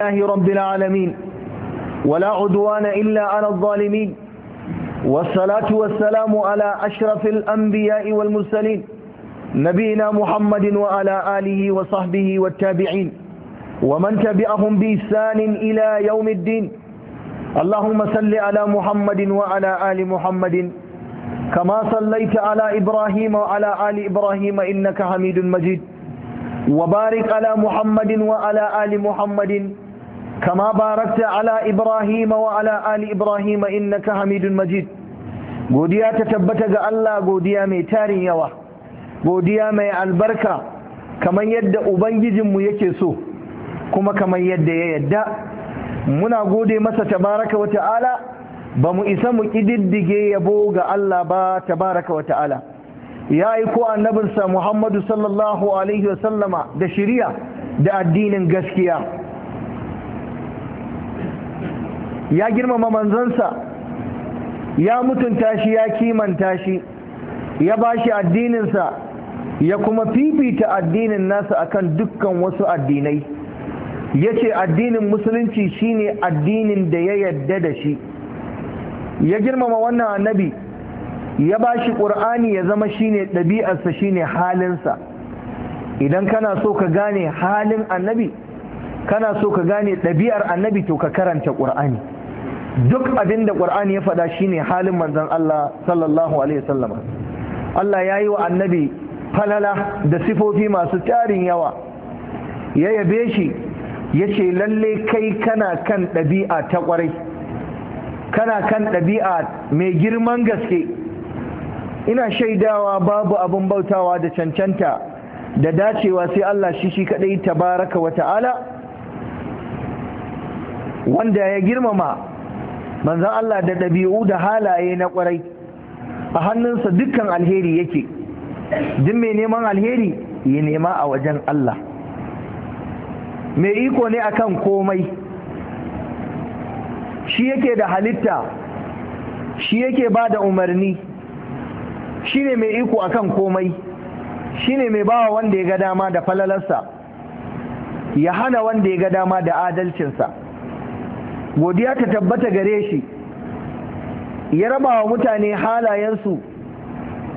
لله رب العالمين ولا عدوان إلا على الظالمين والصلاة والسلام على أشرف الأنبياء والمرسلين نبينا محمد وعلى آله وصحبه والتابعين ومن تبعهم بإحسان إلى يوم الدين اللهم صل على محمد وعلى آل محمد كما صليت على إبراهيم وعلى آل إبراهيم إنك حميد مجيد وبارك على محمد وعلى آل محمد كما باركت على إبراهيم وعلى آل إبراهيم إنك حميد مجيد godiya ta tabbata ga Allah godiya mai tarin yawa godiya mai albarka kamar yadda ubangijinmu yake so kuma kamar yadda ya yadda muna gode masa tabaraka wa ta'ala ba mu isa mu ƙididdige yabo ga Allah ba tabaraka wa ta'ala ya aiko annabinsa Muhammadu sallallahu alaihi sallama da shiriya da addinin gaskiya ya girmama manzansa ya mutunta shi ya kimanta shi ya ba shi addininsa ya kuma fifita addinin nasa akan dukkan wasu addinai ya ce addinin musulunci shine addinin da ya yadda da shi ya girmama wannan annabi ya ba shi ƙur'ani ya zama shine ɗabi'arsa shine halinsa idan kana so ka gane halin annabi kana so ka gane ɗabi'ar annabi to ka karanta ƙur'ani duk abin da qur'ani ya faɗa shine halin manzan Allah sallallahu alaihi wasallama. Allah ya yi wa annabi falala da sifofi masu tarin yawa ya yabe shi ya ce lalle kai kana kan ɗabi'a ta ƙwarai kana kan ɗabi'a mai girman gaske ina shaidawa babu abin bautawa da cancanta da dacewa sai Allah shi shi kaɗai tabaraka wa ta'ala wanda ya girmama manzan Allah da ɗabi'u da halaye na ƙwarai a hannunsa dukkan alheri yake duk mai neman alheri ya nema a wajen Allah mai iko ne akan komai shi yake da halitta shi yake ba da umarni shi ne mai iko akan komai shi ne mai bawa wanda ya ga dama da falalarsa ya hana wanda ya ga dama da adalcinsa godiya ta tabbata gare shi ya raba wa mutane halayensu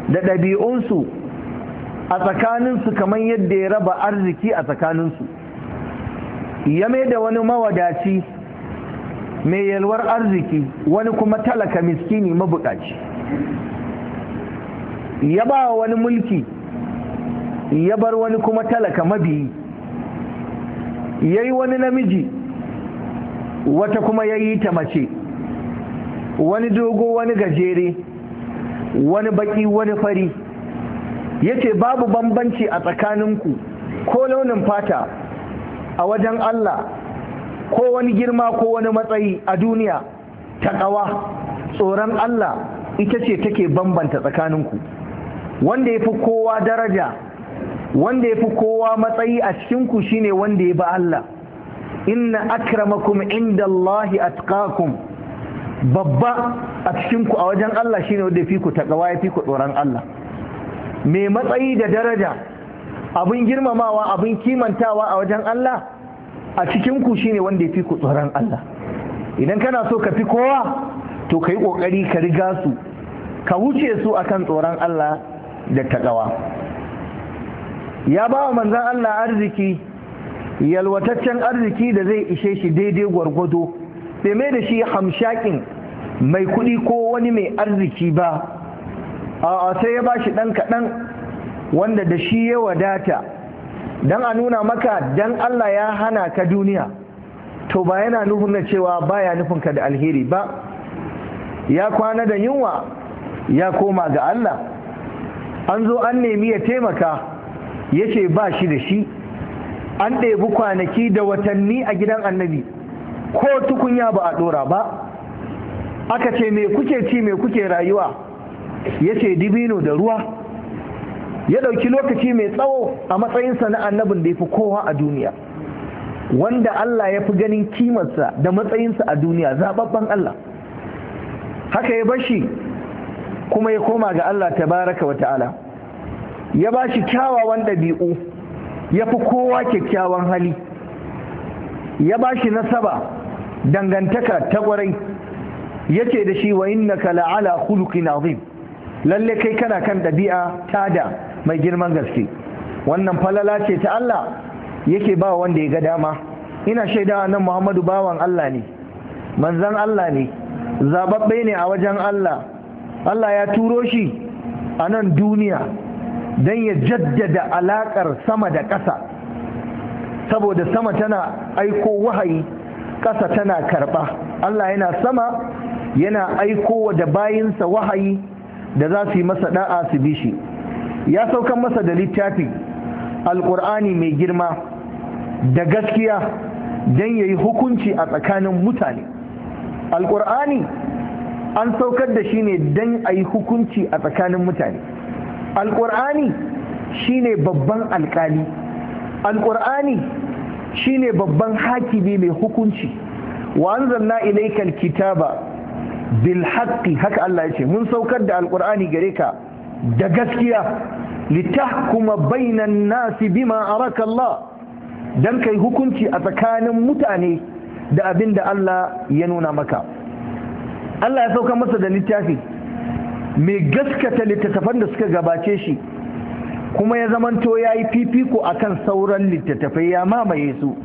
da ɗabi'unsu a tsakaninsu kamar yadda ya raba arziki a tsakaninsu ya mai da wani mawadaci mai yalwar arziki wani kuma talaka miskini mabukaci ya ba wani mulki ya bar wani kuma talaka mabiyi ya yi wani namiji wata kuma ya yi ta mace wani dogo wani gajere wani baki wani fari ya ce babu bambanci a tsakaninku ko launin fata a wajen Allah ko wani girma ko wani matsayi a duniya ta ƙawa tsoron Allah ita ce take bambanta tsakaninku wanda ya fi kowa daraja wanda ya fi kowa matsayi a cikinku shine wanda ya bi Allah inna akramakum inda Allahi atqakum babba a cikinku a wajen Allah shine wanda fi ku takawa ya fi ku tsoron Allah Me matsayi da daraja abin girmamawa abin kimantawa a wajen Allah a cikinku shine wanda ya fi ku tsoron Allah idan kana so ka fi kowa to ka yi kokari ka riga su ka wuce su akan tsoron Allah da takawa ya ba wa manzan Allah arziki yalwataccen arziki da zai ishe shi daidai gwargwado bai mai da shi hamshakin mai kudi ko wani mai arziki ba a sai ya ba shi ɗan kaɗan wanda da shi ya wadata don a nuna maka don Allah ya hana ka duniya to ba yana nufin na cewa ya nufin ka da alheri ba ya kwana da yunwa ya koma ga Allah an zo an nemi ya taimaka ya ce ba shi da shi an ɗebi kwanaki da watanni a gidan annabi ko tukunya ba a ɗora ba aka ce me kuke ci me kuke rayuwa ya ce dibino da ruwa ya ɗauki lokaci mai tsawo a matsayinsa na annabin da ya fi kowa a duniya wanda Allah ya fi ganin kimarsa da matsayinsa a duniya zababban Allah haka ya bashi kuma ya koma ga Allah tabaraka wa ta'ala ya bashi kyawawan ɗabi'u ya fi kowa kyakkyawan hali ya ba shi nasaba dangantaka ta ƙwarai. ya ce da shi wa kala la'ala khuluqin azim lalle kai kana kan ɗabi'a tada mai girman gaske wannan falala ce ta Allah yake ba wanda ya ga dama ina shaidawa nan Muhammadu bawan Allah ne manzan Allah ne zababbe ne a wajen Allah Allah ya turo shi a nan duniya don ya jaddada alaƙar sama da ƙasa saboda sama tana aiko wahayi ƙasa tana karɓa Allah yana sama yana aiko da bayinsa wahayi da za su yi masa da'a su bi shi ya saukan masa da littafi alƙur'ani mai girma da gaskiya don ya yi hukunci a tsakanin mutane alƙur'ani an saukar da shi ne don a yi hukunci a tsakanin mutane alƙur'ani shine babban alƙali alƙur'ani shine babban hakimi mai hukunci wa anzalna kitaba bilhakki. haka Allah ya ce mun saukar da alƙur'ani gare ka da gaskiya litahkuma bainan nasi bima araka Allah dan kai hukunci a tsakanin mutane da abin da Allah ya nuna maka Allah ya sauka masa da littafi mai gaskata littattafan da suka gabace shi kuma ya zamanto ya yi fifiko a kan sauran littattafai ya mamaye su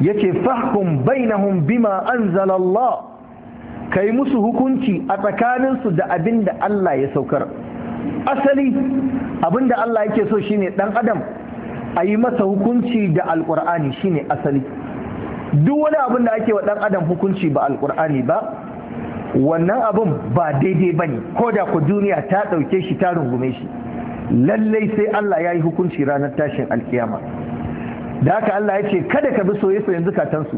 ya ce fahkum bainahum bima anzalallah ka yi musu hukunci a tsakaninsu da abin da Allah ya saukar asali abin da Allah yake so shine dan adam a yi masa hukunci da Alƙur'ani shine asali duk wani abin da ake wa ɗan adam hukunci ba Alƙur'ani ba wannan abin ba daidai ba ne ko da ku duniya ta ɗauke shi ta rungume shi lallai sai Allah ya yi hukunci ranar tashin alkiyama da haka Allah ya ce kada ka bi soye-soyen zukatansu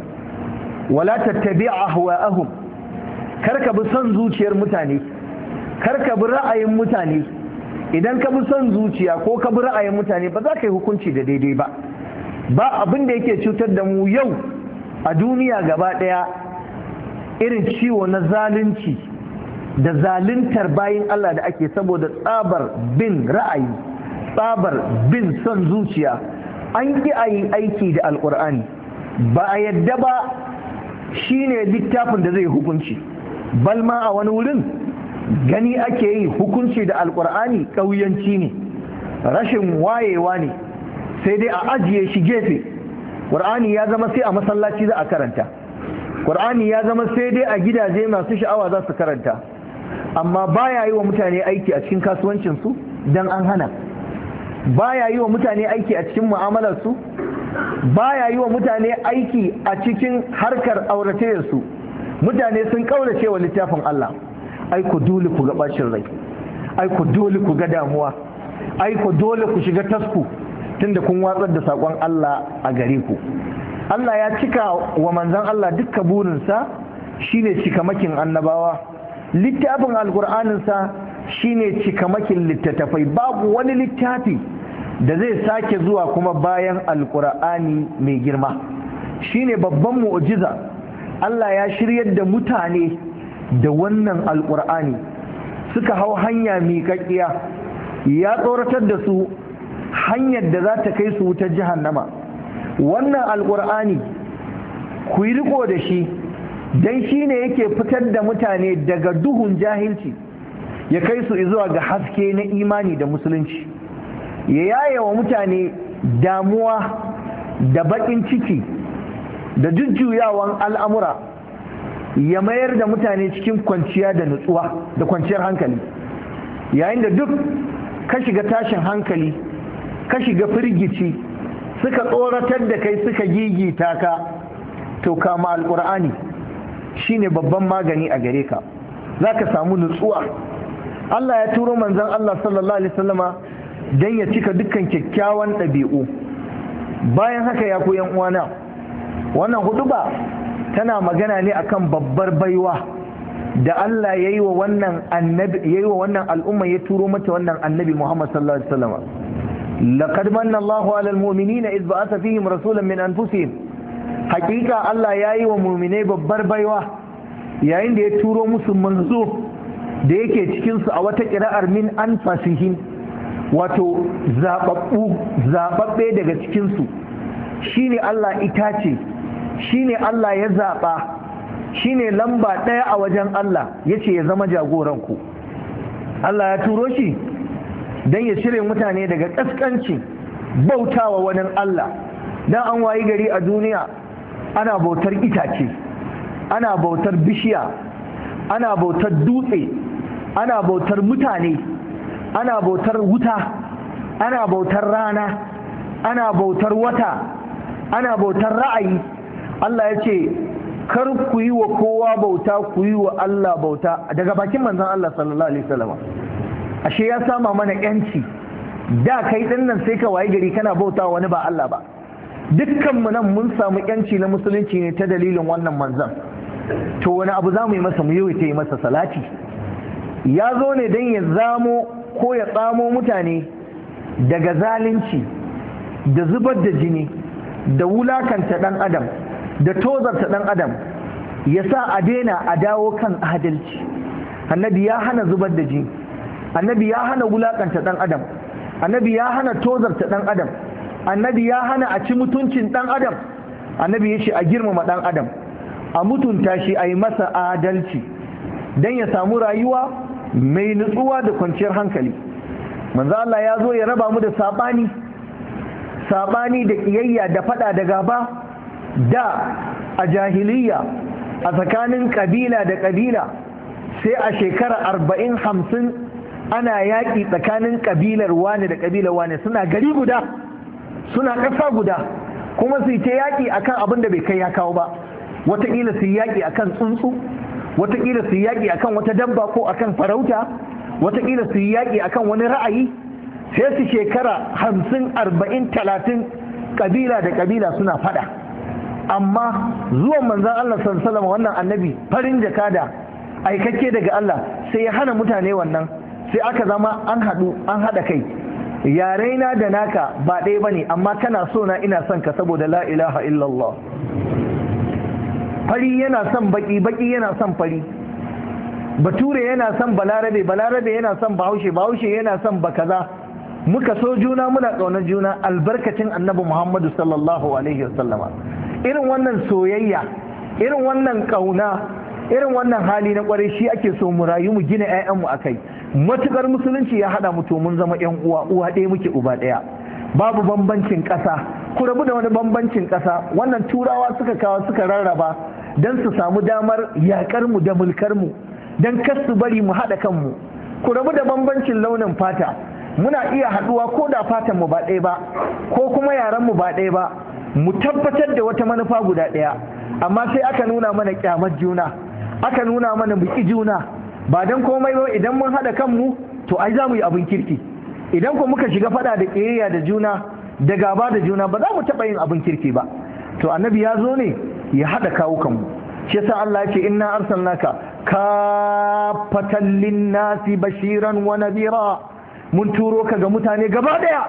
wala tattabi ahwa'ahum kar ka bi son zuciyar mutane kar ka bi ra'ayin mutane idan ka bi son zuciya ko ka bi ra'ayin mutane ba za ka yi hukunci da daidai ba ba abin da yake cutar da mu yau a duniya gaba ɗaya irin ciwo na zalunci da zaluntar bayan Allah da ake saboda tsabar bin ra'ayi tsabar bin son zuciya an ƙi a aiki da alƙur'ani ba a yadda ba shi ne littafin da zai hukunci balma a wani wurin gani ake yi hukunci da alƙur'ani ƙauyanci ne rashin wayewa ne sai dai a ajiye shi gefe ƙur'ani ya zama sai a masallaci za a karanta ƙur'ani ya zama sai dai a gidaje masu sha'awa za su karanta amma baya yi wa mutane aiki a cikin kasuwancinsu don an hana baya yi wa mutane aiki a cikin mu'amalarsu baya yi wa mutane aiki a cikin harkar auratayyarsu mutane sun kaurace wa littafin Allah ai ku dole ku ga ɓacin rai ai ku dole ku ga damuwa ai ku dole ku shiga tasku tunda kun watsar da saƙon Allah a gare ku Allah ya cika wa manzan Allah duka burinsa shine cikamakin annabawa littafin alkur'aninsa shine cikamakin littattafai babu wani littafi da zai sake zuwa kuma bayan alkur'ani mai girma shine babban mu'ujiza. Allah ya shiryar da mutane da wannan alkur'ani suka hau hanya miƙaƙƙiya ya tsoratar da su hanyar da za ta kai su wutar nama wannan Alƙur'ani ku yi riko da shi don shi ne yake fitar da mutane daga duhun jahilci ya kai su zuwa ga haske na imani da musulunci ya yaye wa mutane damuwa da baƙin ciki da jujjuyawan al'amura ya mayar da mutane cikin kwanciya da nutsuwa da kwanciyar hankali yayin da duk ka shiga tashin hankali ka shiga firgici suka tsoratar da kai suka gigita ka to kama alkur'ani shine babban magani a gare ka za ka samu nutsuwa Allah ya turo manzan Allah sallallahu alaihi wasallama don ya cika dukkan kyakkyawan ɗabi'u bayan haka ya ku uwana wannan huduba tana magana ne akan babbar baiwa da Allah ya yi wa wannan al'umma ya turo mata wannan annabi Muhammad sallallahu alaihi wasallama laqad manna Allahu 'alal mu'minina idh ba'atha fihim rasulan min anfusihim hakika Allah yayi wa mu'minai babbar baiwa yayin da ya turo musu manzo da yake cikin su a wata qira'ar min fasihin wato zababbu zababbe daga cikin su shine Allah itace shine Allah ya zaba shine lamba daya a wajen Allah yace ya zama jagoran ku Allah ya turo shi don ya cire mutane daga ƙasƙanci bautawa wani Allah don an wayi gari a duniya ana bautar itace ana bautar bishiya ana bautar dutse ana bautar mutane ana bautar wuta ana bautar rana ana bautar wata ana bautar ra'ayi Allah ya ce kar ku yi wa kowa bauta ku yi wa Allah bauta daga bakin manzon Allah sallallahu alaihi wasallam ashe ya sama mana yanci da kai din nan sai ka waye gari kana bauta wani ba Allah ba dukkanmu nan mun samu yanci na musulunci ne ta dalilin wannan manzon to wani abu za mu yi masa mu yi yi masa salati ya zo ne don ya zamo ko ya tsamo mutane daga zalunci da zubar da jini da wulakanta ɗan adam da tozarta ɗan adam ya sa a daina a dawo kan adalci annabi ya hana zubar da jini annabi ya hana wulakanta dan adam annabi ya hana tozarta dan adam annabi ya hana a ci mutuncin dan adam annabi ya ce a girmama dan adam a mutunta shi a yi masa adalci don ya samu rayuwa mai nutsuwa da kwanciyar hankali manzo Allah ya zo ya raba mu da sabani sabani da kiyayya da fada da gaba da a jahiliya a tsakanin kabila da kabila sai a shekara arba'in hamsin ana yaƙi tsakanin ƙabilar wane da ƙabilar wane suna gari guda suna ƙasa guda kuma su yi ta yaƙi akan abin da bai kai ya kawo ba wataƙila su yi yaƙi akan tsuntsu wataƙila su yi yaƙi akan wata dabba ko akan farauta wataƙila su yi yaƙi akan wani ra'ayi sai su shekara hamsin arba'in talatin ƙabila da ƙabila suna faɗa amma zuwan manzan Allah sallallahu wannan annabi farin jakada aikakke daga Allah sai ya hana mutane wannan sai aka zama an haɗu an haɗa kai na da naka ba ɗaya ba ne amma kana so na ina son ka saboda la ilaha illallah fari yana son baƙi baƙi yana son fari bature yana son balarabe balarabe yana son bahaushe bahaushe yana son bakaza muka so juna muna ƙaunar juna albarkacin annabi muhammadu sallallahu alaihi wasallama irin wannan soyayya irin wannan ƙauna irin wannan hali na kwarai shi ake so mu rayu mu gina 'ya'yanmu a kai matukar musulunci ya haɗa mu to mun zama 'yan uwa uwa ɗaya muke uba ɗaya babu bambancin ƙasa ku rabu da wani bambancin ƙasa wannan turawa suka kawo suka rarraba don su samu damar yaƙar mu da mulkar mu don kar su bari mu haɗa kanmu ku rabu da bambancin launin fata muna iya haɗuwa ko da fatan mu ba ɗaya ba ko kuma yaren mu ba ɗaya ba mu tabbatar da wata manufa guda ɗaya amma sai aka nuna mana kyamar juna aka nuna mana mu ki juna ba dan komai ba idan mun haɗa kanmu to ai za mu yi abin kirki idan ko muka shiga faɗa da kiyayya da juna da gaba da juna ba za mu taɓa yin abin kirki ba to annabi ya zo ne ya kawo kawukanmu shi yasa Allah ya ce inna arsalnaka kafatan linnasi bashiran wa nadira mun turo ka ga mutane gaba daya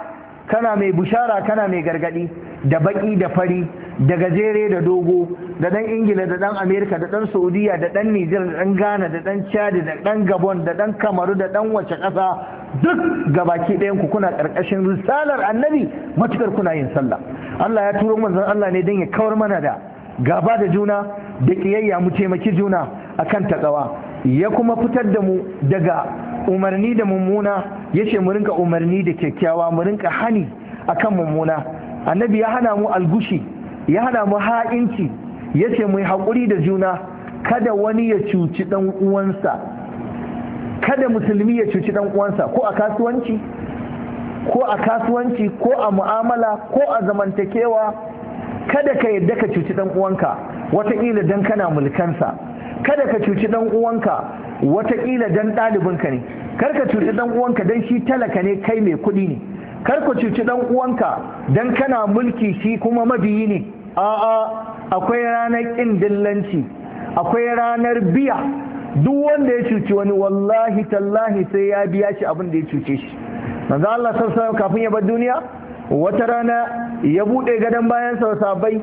kana mai bushara kana mai gargadi da baki da fari da gajere da dogo da dan ingila da dan amerika da dan saudiya da dan nijar da dan ghana da dan chad da dan gabon da dan kamaru da dan wace ƙasa duk gabaki ɗayan ku kuna karkashin risalar annabi matukar kuna yin sallah Allah ya turo manzon Allah ne dan ya kawar mana da gaba da juna da kiyayya mu taimaki juna akan tsawa ya kuma fitar da mu daga umarni da mummuna yace mu rinka umarni da kyakkyawa mu rinka hani akan mummuna annabi ya hana mu algushi ya hana mu ha'inci ya ce mu haƙuri da juna kada wani ya cuci ɗan uwansa kada musulmi ya cuci ɗan uwansa ko a kasuwanci ko a kasuwanci ko a mu'amala ko a zamantakewa kada ka yadda ka cuci ɗan uwanka wataƙila don kana mulkansa kada ka cuci ɗan uwanka wataƙila don ɗalibinka ne kar ka cuci ɗan uwanka don shi talaka ne kai mai kuɗi ne kar ku cuci dan uwanka dan kana mulki shi kuma mabiyi ne a'a akwai ranar kin dillanci akwai ranar biya duk wanda ya cuci wani wallahi tallahi sai ya biya shi abin da ya cuce shi manzo Allah sallallahu kafin ya bar duniya wata rana ya bude gadon bayan sa sabai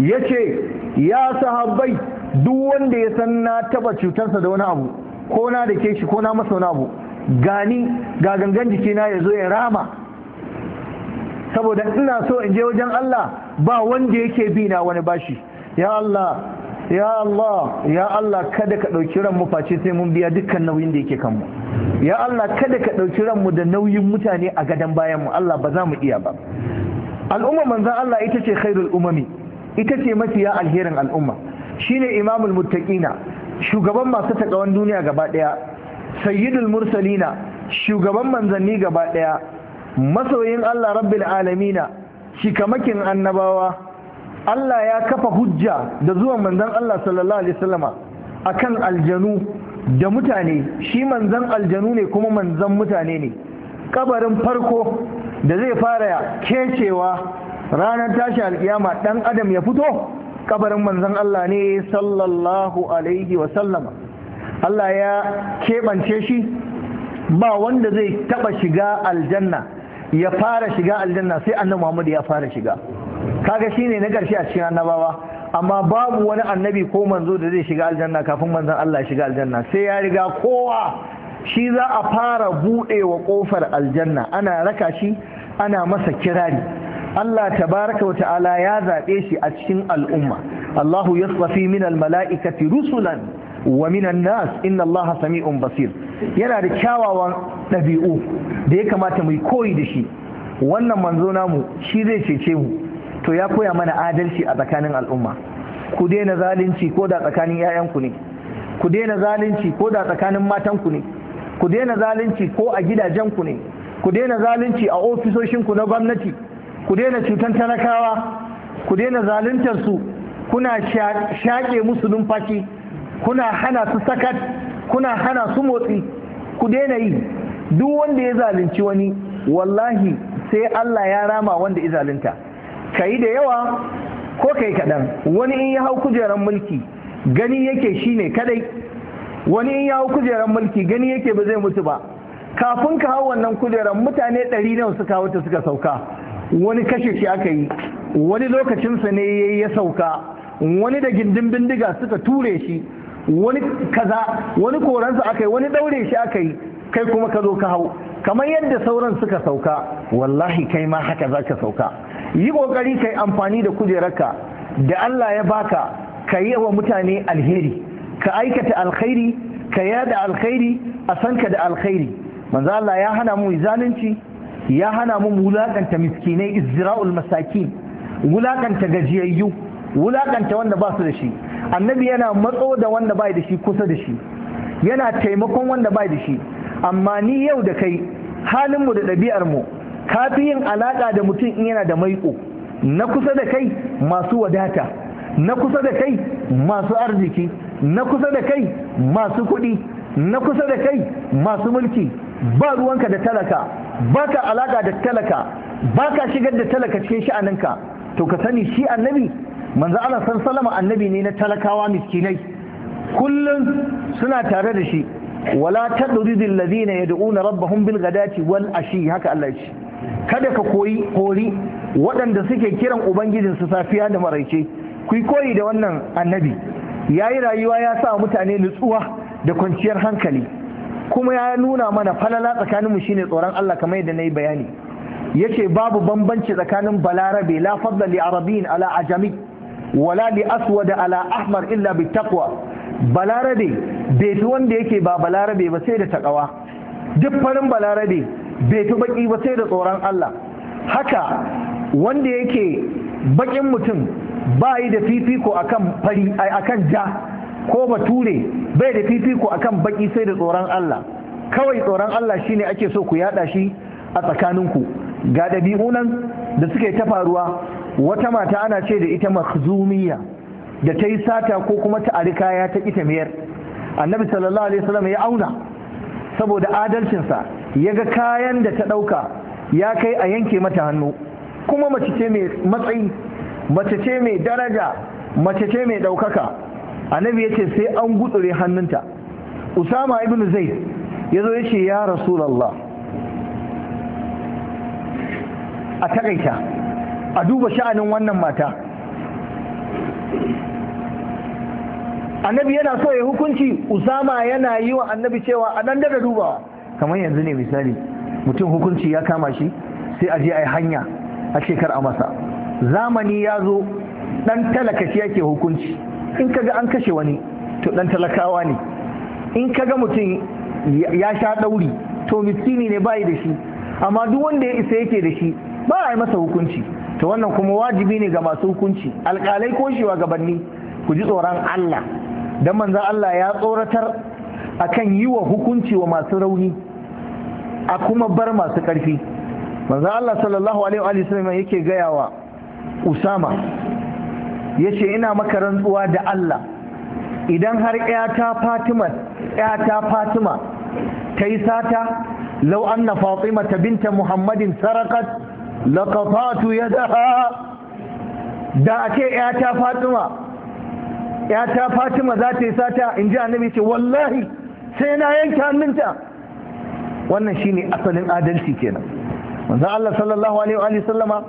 yace ya sahabbai duk wanda ya san na taba cutarsa da wani abu ko na da ke shi ko na masa wani abu gani ga gangan jikina ya zo ya rama saboda ina so in je wajen Allah ba wanda yake bi na wani bashi ya Allah ya Allah ya Allah kada ka ɗauki ran mu face sai mun biya dukkan nauyin da yake kanmu ya Allah kada ka ɗauki ran mu da nauyin mutane a gadon bayan mu Allah ba za mu iya ba al'umma manzan Allah ita ce khairul umami ita ce mafiya alherin al'umma shine imamul muttaqina shugaban masu taƙawan duniya gaba daya sayyidul mursalina shugaban manzanni gaba daya masoyin Allah rabbil alamina shikamakin annabawa Allah ya kafa hujja da zuwan manzon Allah sallallahu alaihi wasallama akan aljanu da mutane shi manzon aljanu ne kuma manzon mutane ne kabarin farko da zai fara kecewa ranar tashi alkiyama dan adam ya fito kabarin manzon Allah ne sallallahu alaihi wasallama Allah ya keɓance shi ba wanda zai taba shiga aljanna ya fara shiga aljanna sai annabi Muhammad ya fara shiga kaga shine na ƙarshe a cikin annabawa amma babu wani annabi ko manzo da zai shiga aljanna kafin manzon Allah shiga aljanna sai ya riga kowa shi za a fara wa ƙofar aljanna ana raka shi ana masa kirari Allah tabaraka wa ta'ala ya zaɓe shi a cikin al'umma Allahu yasfafi min al-mala'ikati rusulan wa minan nas inna allaha sami'un basir yana da kyawawan ɗabi'u da ya kamata mu koyi da shi wannan manzo namu shi zai cece mu to ya koya mana adalci a tsakanin al'umma ku daina zalunci ko da tsakanin 'ya'yanku ne ku daina zalunci ko da tsakanin matanku ne ku daina zalunci ko a gidajenku ne ku daina zalunci a ofisoshinku na gwamnati ku daina cutan talakawa ku daina zaluntar su kuna shaƙe musu numfashi kuna hana su sakat kuna hana su motsi ku daina yi duk wanda ya zalunci wani wallahi sai Allah ya rama wanda ya zalunta kai da yawa ko kai kaɗan wani in ya hau kujerar mulki gani yake shine kadai wani in ya hau kujerar mulki gani yake ba zai mutu ba kafin ka hau wannan kujerar mutane ɗari nawa suka hau ta suka sauka wani kashe shi aka yi wani lokacinsa ne ya sauka wani da gindin bindiga suka ture shi wani kaza wani koransa aka yi wani daure shi aka kai kuma ka zo ka hau kamar yadda sauran suka sauka wallahi kai ma haka za ka sauka yi kokari kai amfani da kujerarka da Allah ya baka ka yi wa mutane alheri ka aikata alkhairi ka yada alkhairi a sanka da alkhairi manzo Allah ya hana mu zalunci ya hana mu wulakanta miskinai izra'ul masakin wulakanta gajiyayyu wulakanta wanda ba su da shi annabi yana matso da wanda bai da shi kusa da shi yana taimakon wanda bai da shi amma ni yau da kai halinmu da ɗabi'ar mu kafi yin alaƙa da mutum in yana da maiƙo na kusa da kai masu wadata na kusa da kai masu arziki na kusa da kai masu kuɗi na kusa da kai masu mulki ba ruwanka da talaka ba ka alaƙa da talaka ba ka shigar da talaka cikin sha'aninka to ka sani shi annabi manzo Allah sallallahu annabi ne na talakawa miskinai kullum suna tare da shi wala tadridil ladina yad'una rabbahum bil ghadati wal ashi haka Allah ya kada ka koyi kori waɗanda suke kiran ubangijin su safiya da maraice ku koyi da wannan annabi yayi rayuwa ya sa mutane nutsuwa da kwanciyar hankali kuma ya nuna mana falala tsakaninmu shine tsoron Allah kamar yadda nayi bayani yace babu bambanci tsakanin balarabe la fadla li ala ajami wala li aswada ala ahmar illa bi taqwa balarabe bai fi wanda yake ba balarabe ba sai da takawa duk farin balarabe bai fi baki ba sai da tsoron Allah haka wanda yake bakin mutum ba yi da fifiko akan fari akan ja ko bature bai da fifiko akan baki sai da tsoron Allah kawai tsoron Allah shine ake so ku yada shi a tsakaninku ga ɗabi'unan da suke ta faruwa wata mata ana ce da ita makhzumiya da ta yi sata ko kuma ta ari kaya ta ita miyar annabi sallallahu alaihi wasallam ya auna saboda adalcinsa ya ga kayan da ta ɗauka ya kai a yanke mata hannu kuma mace ce mai matsayi mace ce mai daraja mace ce mai ɗaukaka annabi ya ce sai an gudure hannunta usama ibn zaid ya zo ya ce ya rasulallah a takaita a duba sha'anin wannan mata annabi yana so ya hukunci usama yana yi wa annabi cewa a nan daga dubawa kamar yanzu ne misali mutum hukunci ya kama shi sai a je a yi hanya a shekar a masa zamani ya zo ɗan talaka shi yake hukunci in kaga an kashe wani to ɗan talakawa ne in kaga mutum ya sha ɗauri, to miskini ne bayi da shi amma duk wanda ya isa yake da shi ba a yi masa hukunci to wannan kuma wajibi ne ga masu hukunci alƙalai ko shi gabanni ku ji tsoron Allah dan manzon Allah ya tsoratar akan yi wa hukunci wa masu rauni a kuma bar masu ƙarfi manzon Allah sallallahu alaihi wa sallam yake gaya wa Usama yace ina maka rantsuwa da Allah idan har ƴata Fatima ƴata Fatima ta yi sata law anna Fatima binta Muhammadin sarakat ya yadaha da ake yata fatima yata fatima za ta yi sata in annabi ce wallahi sai na yanke hannunta wannan shine asalin adalci kenan manzon Allah sallallahu alaihi wa sallama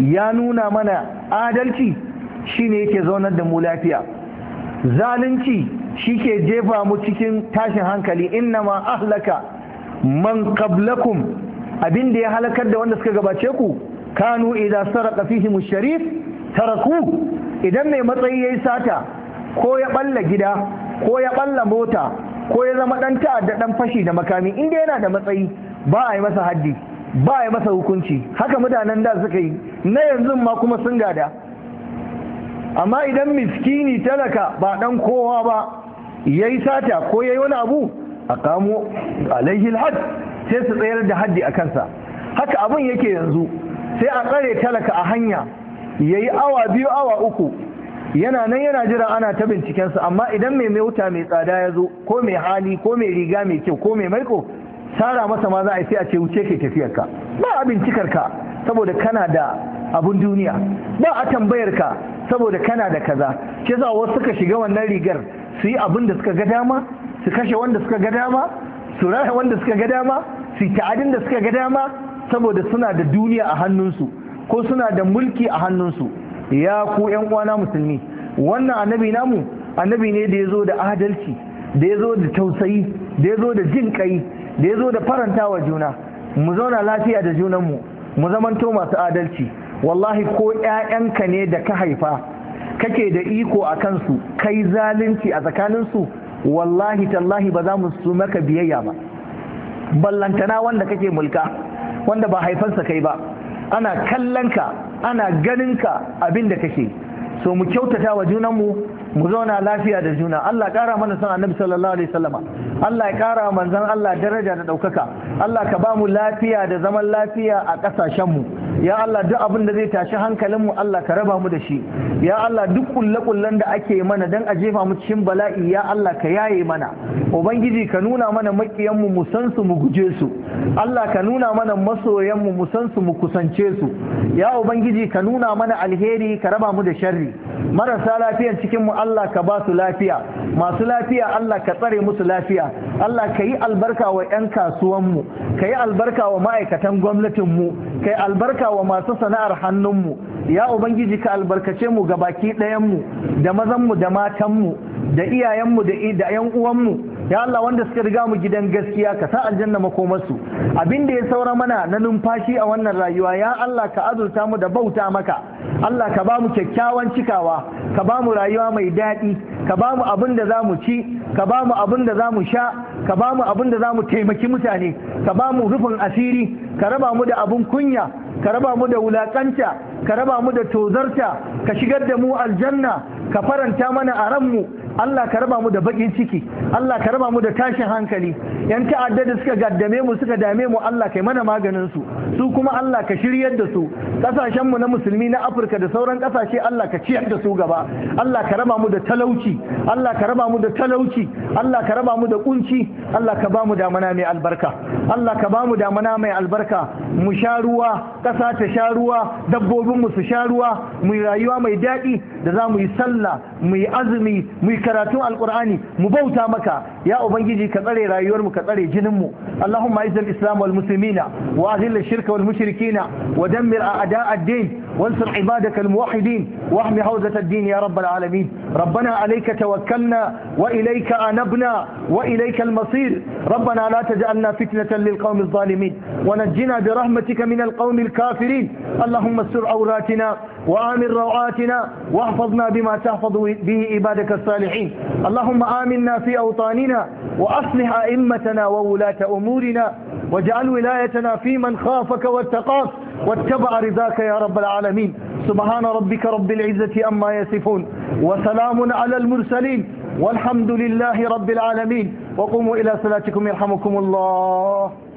ya nuna mana adalci shine yake zaunar da mu lafiya zalunci shi ke jefa mu cikin tashin hankali innama ahlaka man qablakum abin da ya halakar da wanda suka gabace ku kanu idan saraka fihim sharif taraku idan mai matsayi yayi sata ko ya balla gida ko ya balla mota ko ya zama dan ta'adda dan fashi da makami inda yana da matsayi ba a yi masa haddi ba a yi masa hukunci haka mutanen da suka yi na yanzu ma kuma sun gada amma idan miskini talaka ba dan kowa ba yayi sata ko yayi wani abu a kamo alaihi alhad sai su tsayar da haddi a kansa haka abin yake yanzu sai a tsare talaka a hanya ya yi awa biyu awa uku yana nan yana jira ana ta binciken bincikensa amma idan mai mota mai tsada ya zo ko mai hali ko mai riga mai kyau ko mai maiko tara masa ma za a sai a ce wuce ke tafiyarka ba a ka saboda kana da abun duniya ba a tambayarka saboda kana da kaza shi za wasu suka shiga wannan rigar su yi abin da suka ga dama su kashe wanda suka ga dama su raya wanda suka ga dama su adin da suka ga dama saboda suna da duniya a hannunsu ko suna da mulki a hannunsu ya ku yan uwana musulmi wannan annabi namu annabi ne da ya zo da adalci da ya zo da tausayi da ya zo da jin kai da ya zo da faranta wa juna mu zauna lafiya da junanmu mu zamanto masu adalci wallahi ko 'ya'yanka ne da ka haifa kake da iko a kansu kai zalunci a tsakaninsu wallahi tallahi ba za mu su maka biyayya ba ballantana wanda kake mulka wanda ba haifansa kai ba ana kallon ka ana ganin ka abin da kake so mu kyautata wa junanmu mu zauna lafiya da juna Allah ƙara mana son annabi sallallahu alaihi wasallama Allah ya kara manzan Allah daraja da ɗaukaka Allah ka ba mu lafiya da zaman lafiya a ƙasashen mu ya Allah duk abin da zai tashi hankalin mu Allah ka raba mu da shi ya Allah duk kullakullan da ake mana dan a jefa mu cikin bala'i ya Allah ka yaye mana ubangiji ka nuna mana makiyan mu mu san su mu guje su Allah ka nuna mana masoyan mu mu san su mu kusance su ya ubangiji ka nuna mana alheri ka raba mu da sharri marasa lafiyan cikin mu Allah ka ba su lafiya masu lafiya Allah ka tsare musu lafiya Allah ka yi albarka wa 'yan kasuwan mu ka yi albarka wa ma'aikatan gwamnatin mu ka yi albarka wa masu sana'ar hannun mu ya ubangiji ka albarkace mu ga baki ɗayan mu da mazanmu da matan mu da iyayenmu da yan uwanmu ya Allah wanda suka riga mu gidan gaskiya ka sa aljanna makomarsu abin da ya saura mana na numfashi a wannan rayuwa ya Allah ka azurta mu da bauta maka Allah ka ba mu kyakkyawan cikawa ka ba mu rayuwa mai daɗi ka ba mu abin da za mu ci ka ba mu abin da za mu sha ka ba mu abin da za mu taimaki mutane ka ba mu rufin asiri ka raba mu da abin kunya ka raba mu da wulaƙanta ka raba mu da tozarta ka shigar da mu aljanna ka faranta mana a ranmu Allah ka raba mu da baƙin ciki Allah ka raba mu da tashin hankali yan ta'adda da suka gaddame mu suka dame mu Allah ka kai mana maganin su su kuma Allah ka shiryar da su kasashen mu na musulmi na Afirka da sauran kasashe Allah ka ciyar da su gaba Allah ka raba mu da talauci Allah ka raba mu da talauci Allah ka raba mu da kunci Allah ka ba mu damana mai albarka Allah ka ba mu damana mai albarka mu sha ruwa kasa ta sha ruwa dabbobin mu su sha ruwa mu yi rayuwa mai daɗi da za mu yi sallah mu yi azumi mu yi karatun alkur'ani mu bauta maka ya ubangiji ka tsare rayuwar mu ka tsare jinin mu allahumma izil islam wal muslimina wa azil shirka wal mushrikina wa dammir a'da ad-din وانصر عبادك الموحدين واحم حوزة الدين يا رب العالمين ربنا عليك توكلنا وإليك أنبنا وإليك المصير ربنا لا تجعلنا فتنة للقوم الظالمين ونجنا برحمتك من القوم الكافرين اللهم استر عوراتنا وآمن روعاتنا واحفظنا بما تحفظ به عبادك الصالحين اللهم آمنا في أوطاننا وأصلح أئمتنا وولاة أمورنا واجعل ولايتنا في من خافك واتقاك واتبع رضاك يا رب العالمين سبحان ربك رب العزة أما يصفون وسلام على المرسلين والحمد لله رب العالمين وقوموا إلى صلاتكم يرحمكم الله